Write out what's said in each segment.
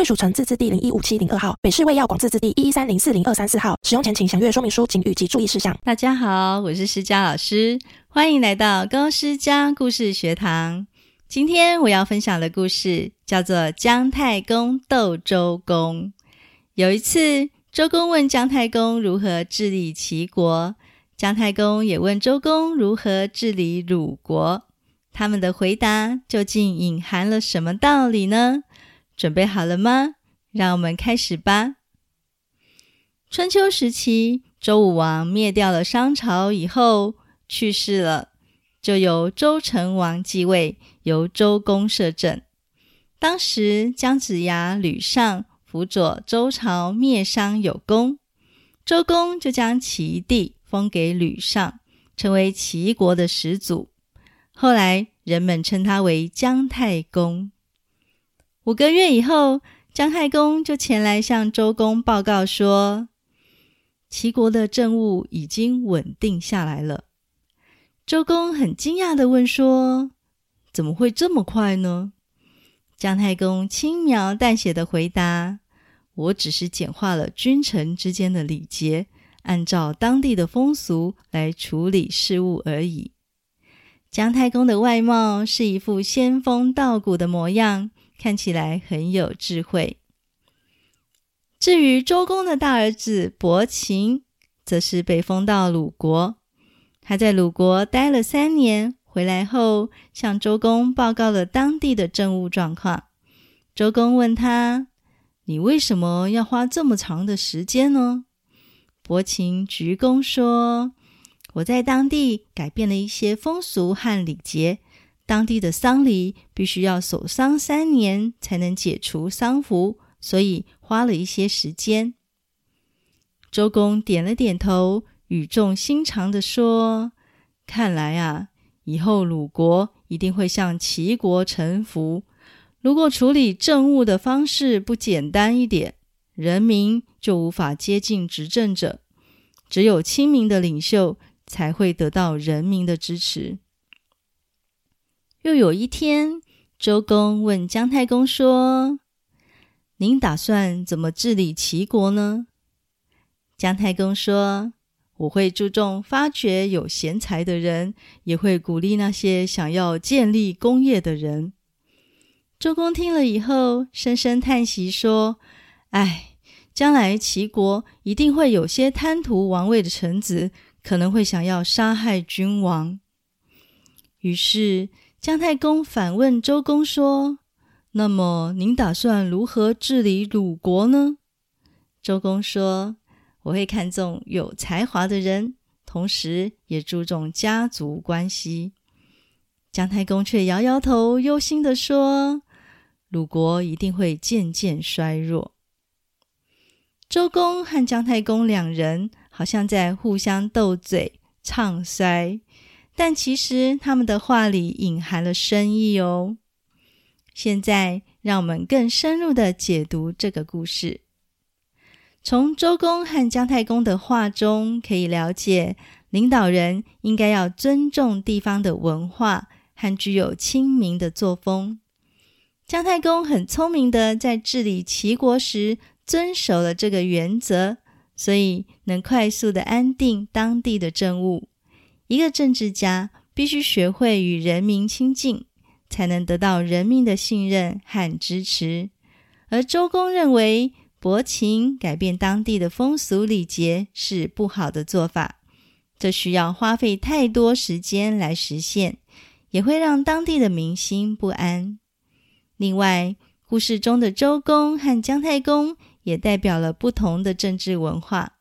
歸屬城自治地零一五七零二號，北市衛藥廣自治地一一三零四零二三四號。使用前請詳閱說明書警語及注意事項。大家好，我是詩佳老師，歡迎來到高詩佳故事學堂。今天我要分享的故事叫做《姜太公鬥周公》。有一次，周公問姜太公如何治理齊國，姜太公也問周公如何治理魯國。他們的回答，究竟隱含了什麼道理呢？準備好了嗎？讓我們開始吧。春秋時期，周武王滅掉了商朝以後去世了，就由周成王繼位，由周公攝政。當時姜子牙、呂尚輔佐周朝滅商有功，周公就將齊地封給呂尚，成為齊國的始祖。後來人們稱他為姜太公。五個月以後，姜太公就前來向周公報告說：“齊國的政務已經穩定下來了。”周公很驚訝地問說：“怎麼會這麼快呢？”姜太公輕描淡寫地回答：“我只是簡化了君臣之間的禮節，按照當地的風俗來處理事務而已。”姜太公的外貌是一副仙風道骨的模樣。看起來很有智慧。至於周公的大兒子伯禽，則是被封到魯國。他在魯國待了三年，回來後向周公報告了當地的政務狀況。周公問他：“你為什麼要花這麼長的時間呢？”伯禽鞠躬說：“我在當地改變了一些風俗和禮節。”當地的喪禮必須要守喪三年才能解除喪服，所以花了一些時間。周公點了點頭，語重心長地說：“看來啊，以後魯國一定會向齊國臣服。如果處理政務的方式不簡單一點，人民就無法接近執政者。只有親民的領袖才會得到人民的支持。”又有一天，周公問姜太公說：“您打算怎麼治理齊國呢？”姜太公說：“我會注重發掘有賢才的人，也會鼓勵那些想要建立功業的人。”周公聽了以後，深深嘆息說：“唉，將來齊國一定會有些貪圖王位的臣子，可能會想要殺害君王。”於是。姜太公反問周公說：“那麼您打算如何治理魯國呢？”周公說：“我會看重有才華的人，同時也注重家族關係。”姜太公卻搖搖頭，憂心地說：“魯國一定會漸漸衰弱。”周公和姜太公兩人好像在互相鬥嘴唱衰。但其實他們的話裡隱含了深意哦。現在讓我們更深入的解讀這個故事。從周公和姜太公的話中可以了解，領導人應該要尊重地方的文化，和具有親民的作風。姜太公很聰明的在治理齊國時遵守了這個原則，所以能快速的安定當地的政務。一個政治家必須學會與人民親近，才能得到人民的信任和支持。而周公認為，薄情改變當地的風俗禮節是不好的做法，這需要花費太多時間來實現，也會讓當地的民心不安。另外，故事中的周公和姜太公也代表了不同的政治文化。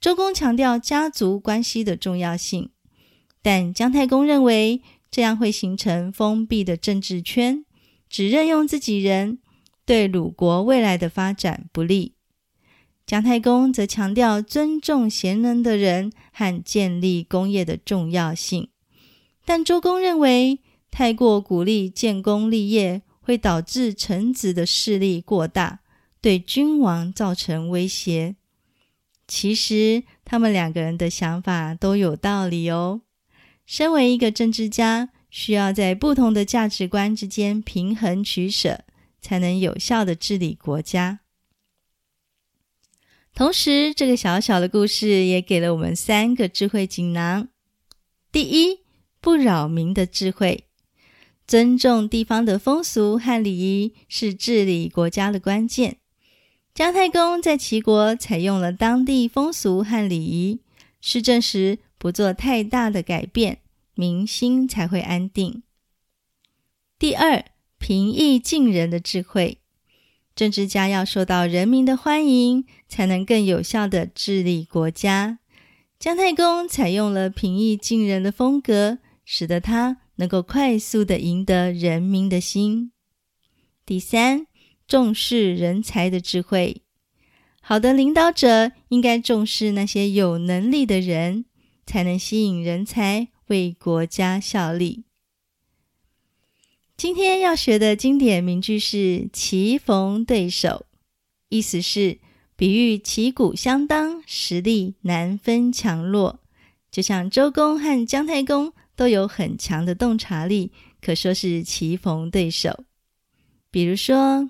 周公強調家族關係的重要性，但姜太公認為這樣會形成封閉的政治圈，只任用自己人，對魯國未來的發展不利。姜太公則強調尊重賢能的人和建立功業的重要性，但周公認為太過鼓勵建功立業，會導致臣子的勢力過大，對君王造成威脅。其實，他們兩個人的想法都有道理哦。身為一個政治家，需要在不同的價值觀之間平衡取舍，才能有效的治理國家。同時，這個小小的故事也給了我們三個智慧錦囊：第一，不擾民的智慧，尊重地方的風俗和禮儀是治理國家的關鍵。姜太公在齊國採用了當地風俗和禮儀，施政時不做太大的改變，民心才會安定。第二，平易近人的智慧，政治家要受到人民的歡迎，才能更有效地治理國家。姜太公採用了平易近人的風格，使得他能夠快速地贏得人民的心。第三。重視人才的智慧，好的領導者應該重視那些有能力的人，才能吸引人才為國家效力。今天要學的經典名句是“棋逢對手”，意思是比喻旗鼓相當，實力難分強弱。就像周公和姜太公都有很強的洞察力，可說是棋逢對手。比如說。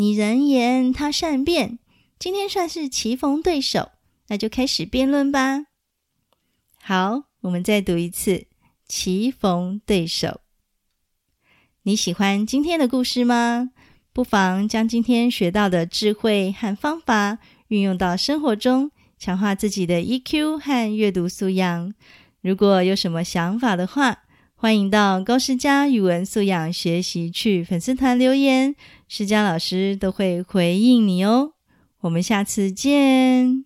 你人言，他善辯，今天算是棋逢對手，那就開始辯論吧。好，我們再讀一次“棋逢對手”。你喜歡今天的故事嗎？不妨將今天學到的智慧和方法運用到生活中，強化自己的 EQ 和閱讀素養。如果有什麼想法的話，歡迎到高詩佳語文素養學習趣粉絲團留言，詩佳老師都會回應你哦。我們下次見。